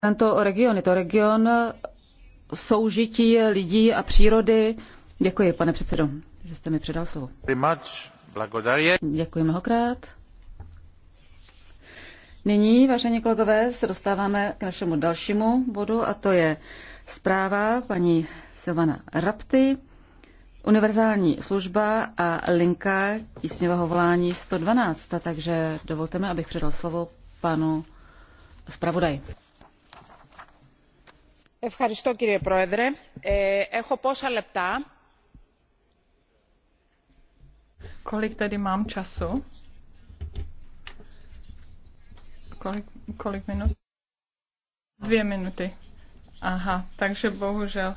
tento region. Je to region soužití lidí a přírody. Děkuji, pane předsedo, že jste mi předal slovo. Děkuji mnohokrát. Nyní, vážení kolegové, se dostáváme k našemu dalšímu bodu a to je zpráva paní Silvana Rapty, univerzální služba a linka tísňového volání 112. Takže dovolte mi, abych předal slovo panu zpravodaji. Ευχαριστώ Kolik tady mám času? Kolik, kolik minut? Dvě minuty. Aha, takže bohužel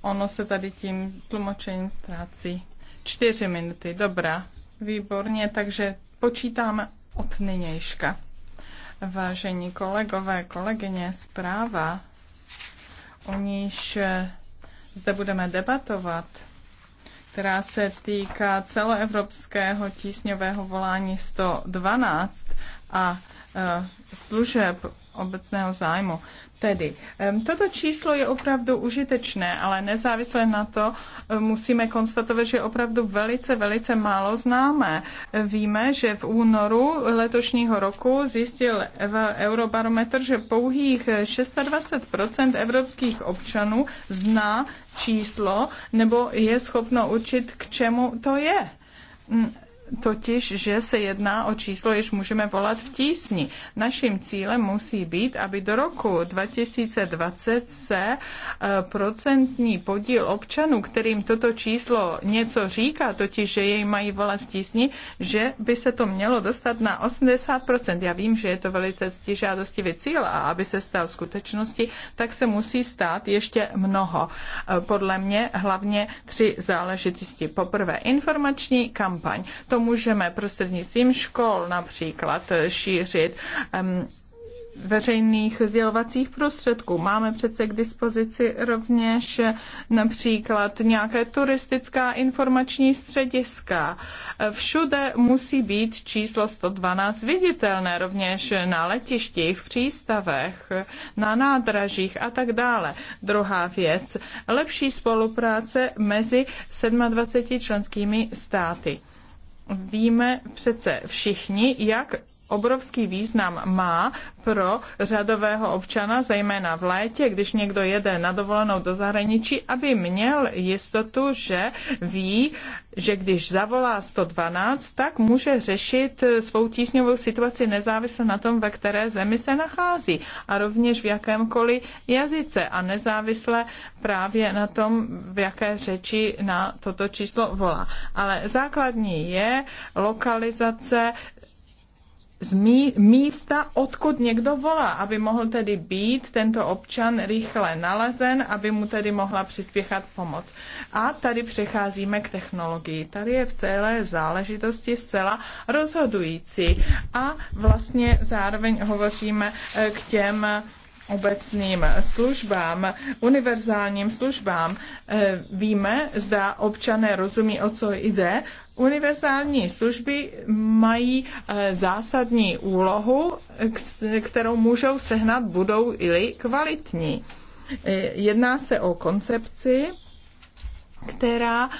ono se tady tím tlumočením ztrácí. Čtyři minuty, dobrá, výborně, takže počítáme od nynějška. Vážení kolegové, kolegyně, zpráva o níž eh, zde budeme debatovat, která se týká celoevropského tísňového volání 112 a eh, služeb obecného zájmu. Tedy, toto číslo je opravdu užitečné, ale nezávisle na to musíme konstatovat, že je opravdu velice, velice málo známé. Víme, že v únoru letošního roku zjistil v Eurobarometr, že pouhých 26% evropských občanů zná číslo nebo je schopno určit, k čemu to je totiž, že se jedná o číslo, jež můžeme volat v tísni. Naším cílem musí být, aby do roku 2020 se eh, procentní podíl občanů, kterým toto číslo něco říká, totiž, že jej mají volat v tísni, že by se to mělo dostat na 80%. Já vím, že je to velice stižádostivý cíl a aby se stal skutečností, tak se musí stát ještě mnoho. Eh, podle mě hlavně tři záležitosti. Poprvé informační kampaň. To můžeme prostřednictvím škol například šířit veřejných sdělovacích prostředků. Máme přece k dispozici rovněž například nějaké turistická informační střediska. Všude musí být číslo 112 viditelné, rovněž na letištích, v přístavech, na nádražích a tak dále. Druhá věc, lepší spolupráce mezi 27 členskými státy víme přece všichni, jak obrovský význam má pro řadového občana, zejména v létě, když někdo jede na dovolenou do zahraničí, aby měl jistotu, že ví, že když zavolá 112, tak může řešit svou tísňovou situaci nezávisle na tom, ve které zemi se nachází a rovněž v jakémkoliv jazyce a nezávisle právě na tom, v jaké řeči na toto číslo volá. Ale základní je lokalizace z mí, místa, odkud někdo volá, aby mohl tedy být tento občan rychle nalezen, aby mu tedy mohla přispěchat pomoc. A tady přecházíme k technologii. Tady je v celé záležitosti zcela rozhodující. A vlastně zároveň hovoříme eh, k těm obecným službám, univerzálním službám. Eh, víme, zda občané rozumí, o co jde. Univerzální služby mají eh, zásadní úlohu, kterou můžou sehnat, budou-li kvalitní. Eh, jedná se o koncepci, která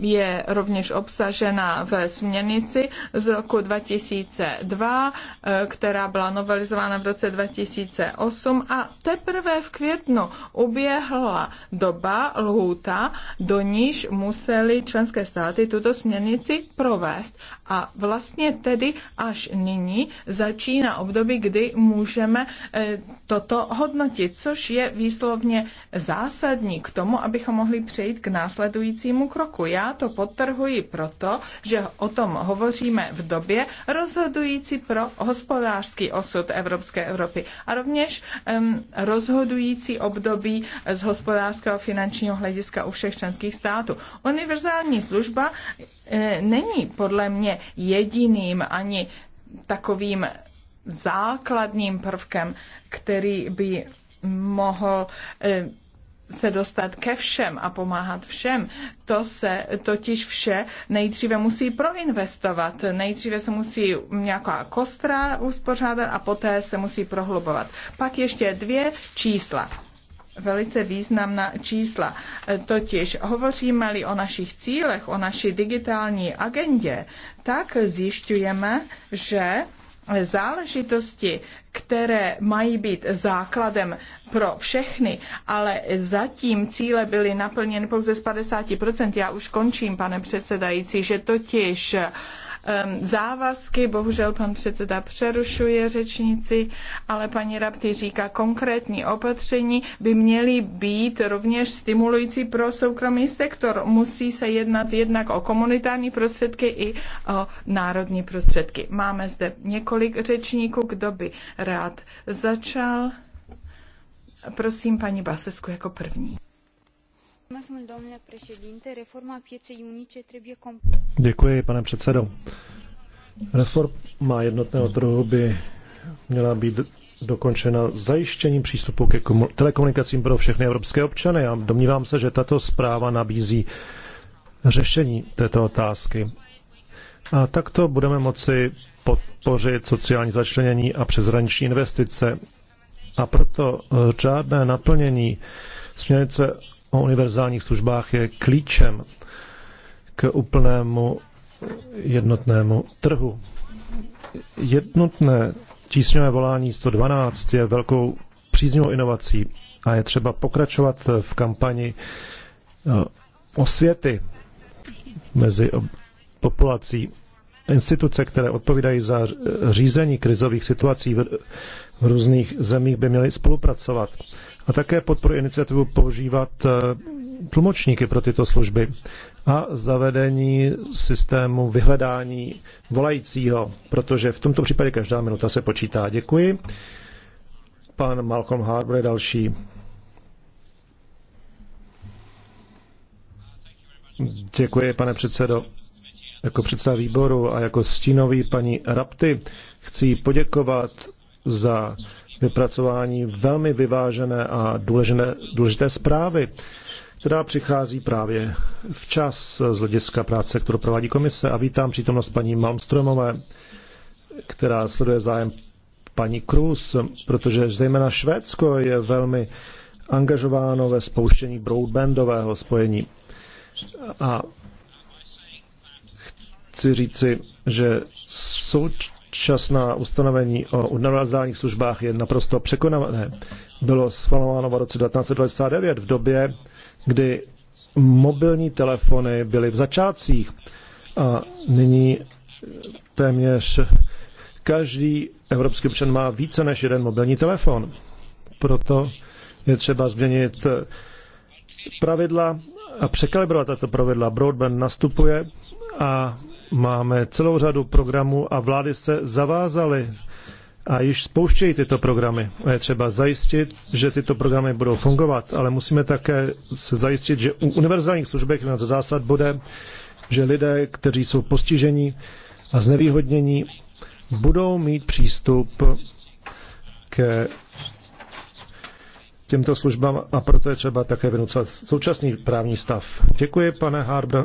je rovněž obsažena ve směrnici z roku 2002, eh, která byla novelizována v roce 2008 a teprve v květnu uběhla doba, lhůta, do níž museli členské státy tuto směrnici provést. A vlastně tedy až nyní začíná období, kdy můžeme eh, toto hodnotit, což je výslovně zásadní k tomu, abychom mohli přejít k nám následujícímu kroku. Já to potrhuji proto, že o tom hovoříme v době rozhodující pro hospodářský osud Evropské Evropy a rovněž um, rozhodující období z hospodářského finančního hlediska u všech členských států. Univerzální služba e, není podle mě jediným ani takovým základním prvkem, který by mohl e, se dostat ke všem a pomáhat všem, to se totiž vše nejdříve musí proinvestovat. Nejdříve se musí nějaká kostra uspořádat a poté se musí prohlubovat. Pak ještě dvě čísla velice významná čísla. Totiž hovoříme-li o našich cílech, o naší digitální agendě, tak zjišťujeme, že záležitosti, které mají být základem pro všechny, ale zatím cíle byly naplněny pouze z 50%. Já už končím, pane předsedající, že totiž uh, Ehm, závazky. Bohužel pan předseda přerušuje řečnici, ale paní Rapty říká, konkrétní opatření by měly být rovněž stimulující pro soukromý sektor. Musí se jednat jednak o komunitární prostředky i o národní prostředky. Máme zde několik řečníků, kdo by rád začal. Prosím paní Basesku jako první. Děkuji, pane předsedo. Reforma jednotného trhu by měla být dokončena zajištěním přístupu ke telekomunikacím pro všechny evropské občany a domnívám se, že tato zpráva nabízí řešení této otázky. A takto budeme moci podpořit sociální začlenění a přeshraniční investice. A proto řádné naplnění směrnice o univerzálních službách je klíčem k úplnému jednotnému trhu. Jednotné tísňové volání 112 je velkou příznivou inovací a je třeba pokračovat v kampani eh, osvěty mezi populací instituce, které odpovídají za řízení krizových situací v, různých zemích, by měly spolupracovat. A také podporu iniciativu používat eh, tlumočníky pro tyto služby a zavedení systému vyhledání volajícího, protože v tomto případě každá minuta se počítá. Děkuji. Pan Malcolm Harbour je další. Děkuji, pane předsedo. Jako předseda výboru a jako stínový paní Rapty chci poděkovat za vypracování velmi vyvážené a důležité, důležité zprávy, která přichází právě včas z hlediska práce, kterou provádí komise. A vítám přítomnost paní Malmströmové, která sleduje zájem paní Cruz, protože zejména Švédsko je velmi angažováno ve spouštění broadbandového spojení. A chci říci, že současná ustanovení o univerzálních službách je naprosto překonané. Bylo schvalováno v roce 1929 v době, kdy mobilní telefony byly v začátcích a nyní téměř každý evropský občan má více než jeden mobilní telefon. Proto je třeba změnit pravidla a překalibrovat tato pravidla. Broadband nastupuje a Máme celou řadu programů a vlády se zavázaly a již spouštějí tyto programy. A je třeba zajistit, že tyto programy budou fungovat, ale musíme také se zajistit, že u univerzálních službek na zásad bude, že lidé, kteří jsou postiženi a znevýhodnění, budou mít přístup k těmto službám a proto je třeba také vynucovat současný právní stav. Děkuji, pane Harbr.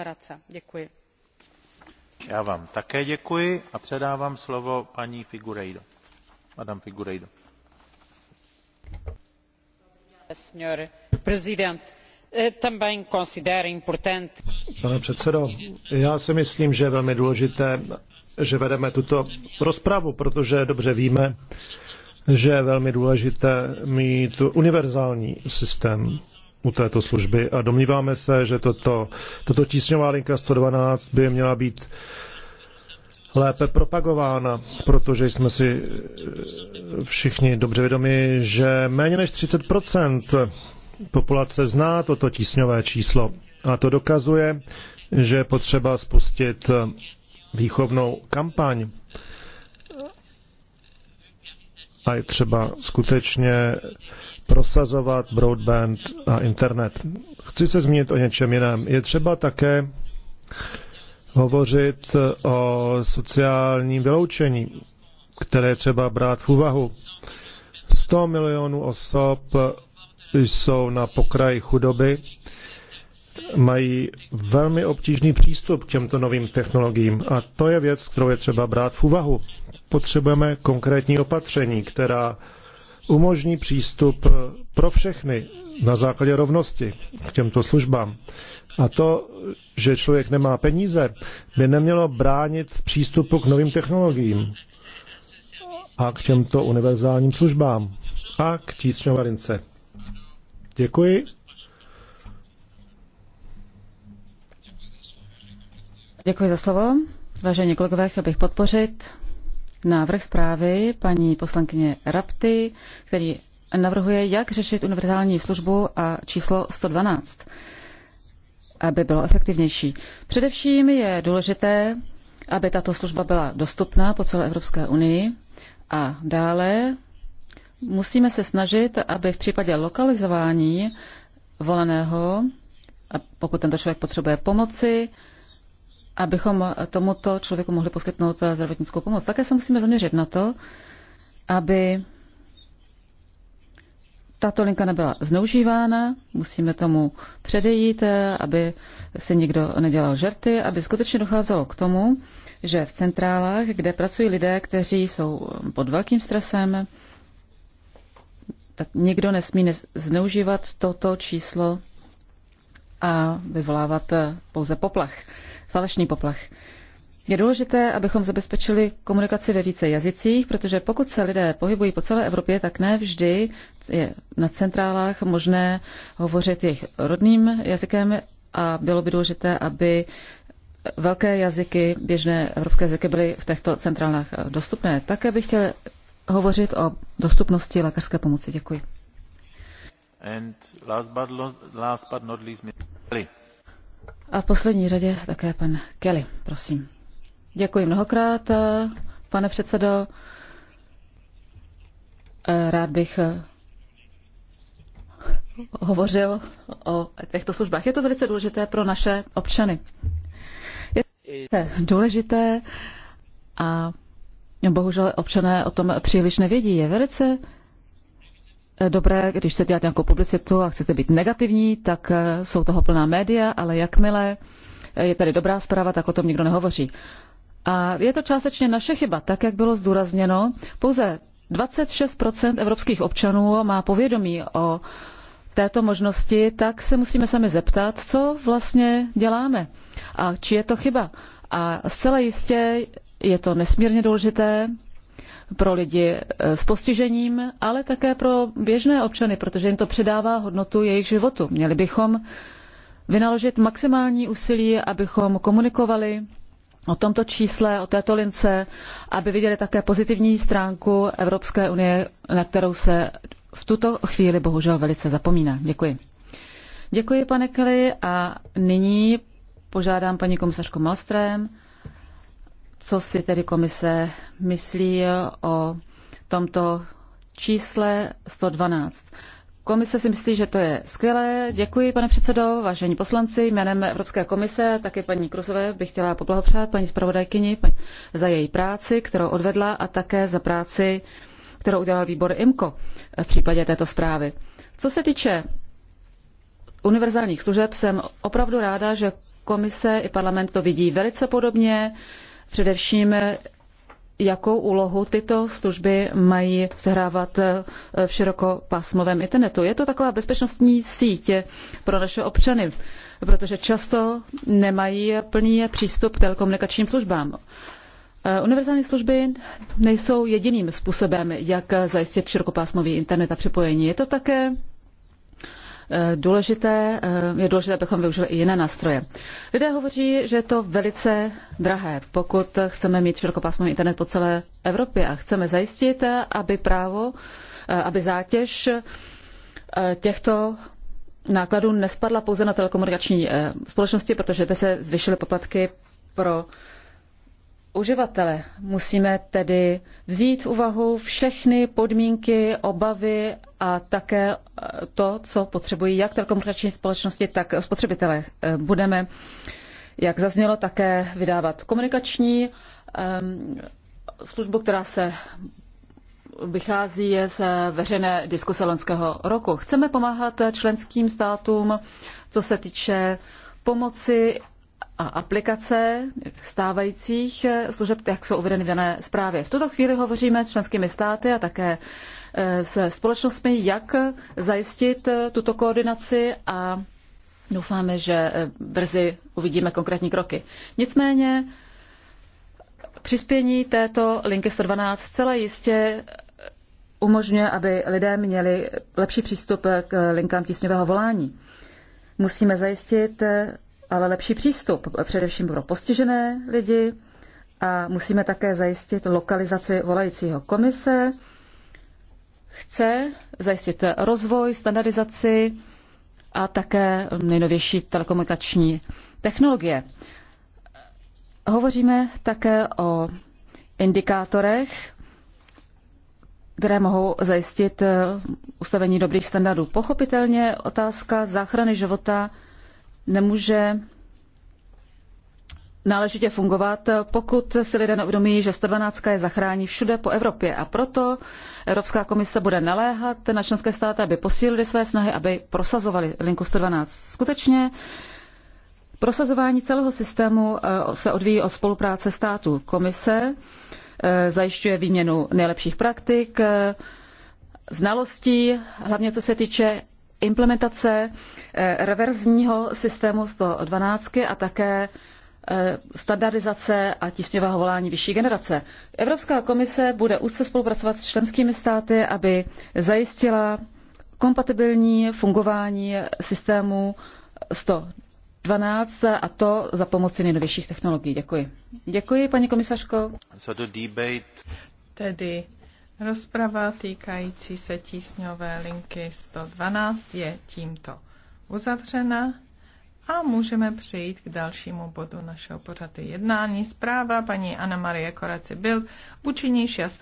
aglomerace. děkuji. já vám také děkuji a předávám slovo paní figueiredové. Eh, pane předsedo já si myslím že je velmi důležité že vedeme tuto rozpravu protože dobře víme že je velmi důležité mít univerzální systém u této služby a domníváme se, že toto, toto tísňová linka 112 by měla být lépe propagována, protože jsme si eh, všichni dobře vědomi, že méně než 30 populace zná toto tísňové číslo. A to dokazuje, že je potřeba spustit eh, výchovnou kampaň. A je třeba skutečně prosazovat broadband a internet. Chci se zmínit o něčem jiném. Je třeba také hovořit o sociálním vyloučení, které třeba brát v úvahu. 100 milionů osob jsou na pokraji chudoby, mají velmi obtížný přístup k těmto novým technologiím a to je věc, kterou je třeba brát v úvahu. Potřebujeme konkrétní opatření, která umožní přístup eh, pro všechny na základě rovnosti k těmto službám. A to, že člověk nemá peníze, by nemělo bránit v přístupu k novým technologiím a k těmto univerzálním službám a k tísňovarince. Děkuji. Děkuji za slovo. Vážení kolegové, chtěl bych podpořit návrh zprávy paní poslankyně Rapty, který navrhuje, jak řešit univerzální službu a číslo 112, aby bylo efektivnější. Především je důležité, aby tato služba byla dostupná po celé Evropské unii a dále musíme se snažit, aby v případě lokalizování voleného, pokud tento člověk potřebuje pomoci, abychom tomuto člověku mohli poskytnout eh, zdravotnickou pomoc. Také se musíme zaměřit na to, aby tato linka nebyla zneužívána, musíme tomu předejít, eh, aby se nikdo nedělal žerty, aby skutečně docházelo k tomu, že v centrálách, kde pracují lidé, kteří jsou pod velkým stresem, tak nikdo nesmí zneužívat toto číslo a vyvolávat eh, pouze poplach, falešný poplach. Je důležité, abychom zabezpečili komunikaci ve více jazycích, protože pokud se lidé pohybují po celé Evropě, tak ne vždy je na centrálách možné hovořit jejich rodným jazykem a bylo by důležité, aby velké jazyky, běžné evropské jazyky byly v těchto centrálách eh, dostupné. Také bych chtěl hovořit o dostupnosti lékařské pomoci. Děkuji. A v poslední řadě také pan Kelly, prosím. Děkuji mnohokrát, eh, pane předsedo. Eh, rád bych eh, hovořil o těchto službách. Je to velice důležité pro naše občany. Je to důležité a bohužel občané o tom příliš nevědí. Je velice Eh, dobré, když se děláte nějakou publicitu a chcete být negativní, tak eh, jsou toho plná média, ale jakmile eh, je tady dobrá zpráva, tak o tom nikdo nehovoří. A je to částečně naše chyba, tak jak bylo zdůrazněno, pouze 26 evropských občanů má povědomí o této možnosti, tak se musíme sami zeptat, co vlastně děláme a či je to chyba. A zcela jistě je to nesmírně důležité, pro lidi eh, s postižením, ale také pro běžné občany, protože jim to předává hodnotu jejich životu. Měli bychom vynaložit maximální úsilí, abychom komunikovali o tomto čísle, o této lince, aby viděli také pozitivní stránku Evropské unie, na kterou se v tuto chvíli bohužel velice zapomíná. Děkuji. Děkuji, pane Kelly, a nyní požádám paní komisařku Malstrém, co si tedy komise myslí o tomto čísle 112. Komise si myslí, že to je skvělé. Děkuji, pane předsedo, vážení poslanci. Jménem Evropské komise, také paní Kruzové, bych chtěla poblahopřát paní zpravodajkyni za její práci, kterou odvedla a také za práci, kterou udělal výbor IMCO v případě této zprávy. Co se týče univerzálních služeb, jsem opravdu ráda, že komise i parlament to vidí velice podobně. Především, jakou úlohu tyto služby mají sehrávat v širokopásmovém internetu. Je to taková bezpečnostní síť pro naše občany, protože často nemají plný přístup k telekomunikačním službám. Univerzální služby nejsou jediným způsobem, jak zajistit širokopásmový internet a připojení. Je to také Eh, důležité, eh, je důležité, abychom využili i jiné nástroje. Lidé hovoří, že je to velice drahé, pokud chceme mít širokopásmový internet po celé Evropě a chceme zajistit, aby právo, eh, aby zátěž těchto nákladů nespadla pouze na telekomunikační společnosti, protože by se zvýšily poplatky pro uživatele. Musíme tedy vzít v úvahu všechny podmínky, obavy a také eh, to, co potřebují jak telekomunikační společnosti, tak spotřebitelé. Eh, budeme, jak zaznělo, také vydávat komunikační ehm, službu, která se vychází z veřejné diskuse loňského roku. Chceme pomáhat členským státům, co se týče pomoci a aplikace stávajících eh, služeb, jak jsou uvedeny v dané zprávě. V tuto chvíli hovoříme s členskými státy a také eh, se společnostmi, jak zajistit eh, tuto koordinaci a doufáme, že brzy uvidíme konkrétní kroky. Nicméně přispění této linky 112 celé jistě umožňuje, aby lidé měli lepší přístup k linkám tisňového volání. Musíme zajistit ale lepší přístup, především pro postižené lidi a musíme také zajistit lokalizaci volajícího komise. Chce zajistit rozvoj, standardizaci a také nejnovější telekomunikační technologie. Hovoříme také o indikátorech, které mohou zajistit eh, ustavení dobrých standardů. Pochopitelně otázka záchrany života nemůže náležitě fungovat, pokud si lidé neuvědomí, že 112 je zachrání všude po Evropě. A proto Evropská komise bude naléhat na členské státy, aby posílili své snahy, aby prosazovali linku 112. Skutečně prosazování celého systému eh, se odvíjí od spolupráce států. Komise eh, zajišťuje výměnu nejlepších praktik, eh, znalostí, hlavně co se týče implementace eh, reverzního systému 112 a také eh, standardizace a tísňového volání vyšší generace. Evropská komise bude úzce spolupracovat s členskými státy, aby zajistila kompatibilní fungování systému 112 a to za pomoci nejnovějších technologií. Děkuji. Děkuji, paní komisařko. Tedy Rozprava týkající se tísňové linky 112 je tímto uzavřena a můžeme přejít k dalšímu bodu našeho pořadu jednání. Zpráva paní Anna Marie Koraci byl účinnější a spravedlivější.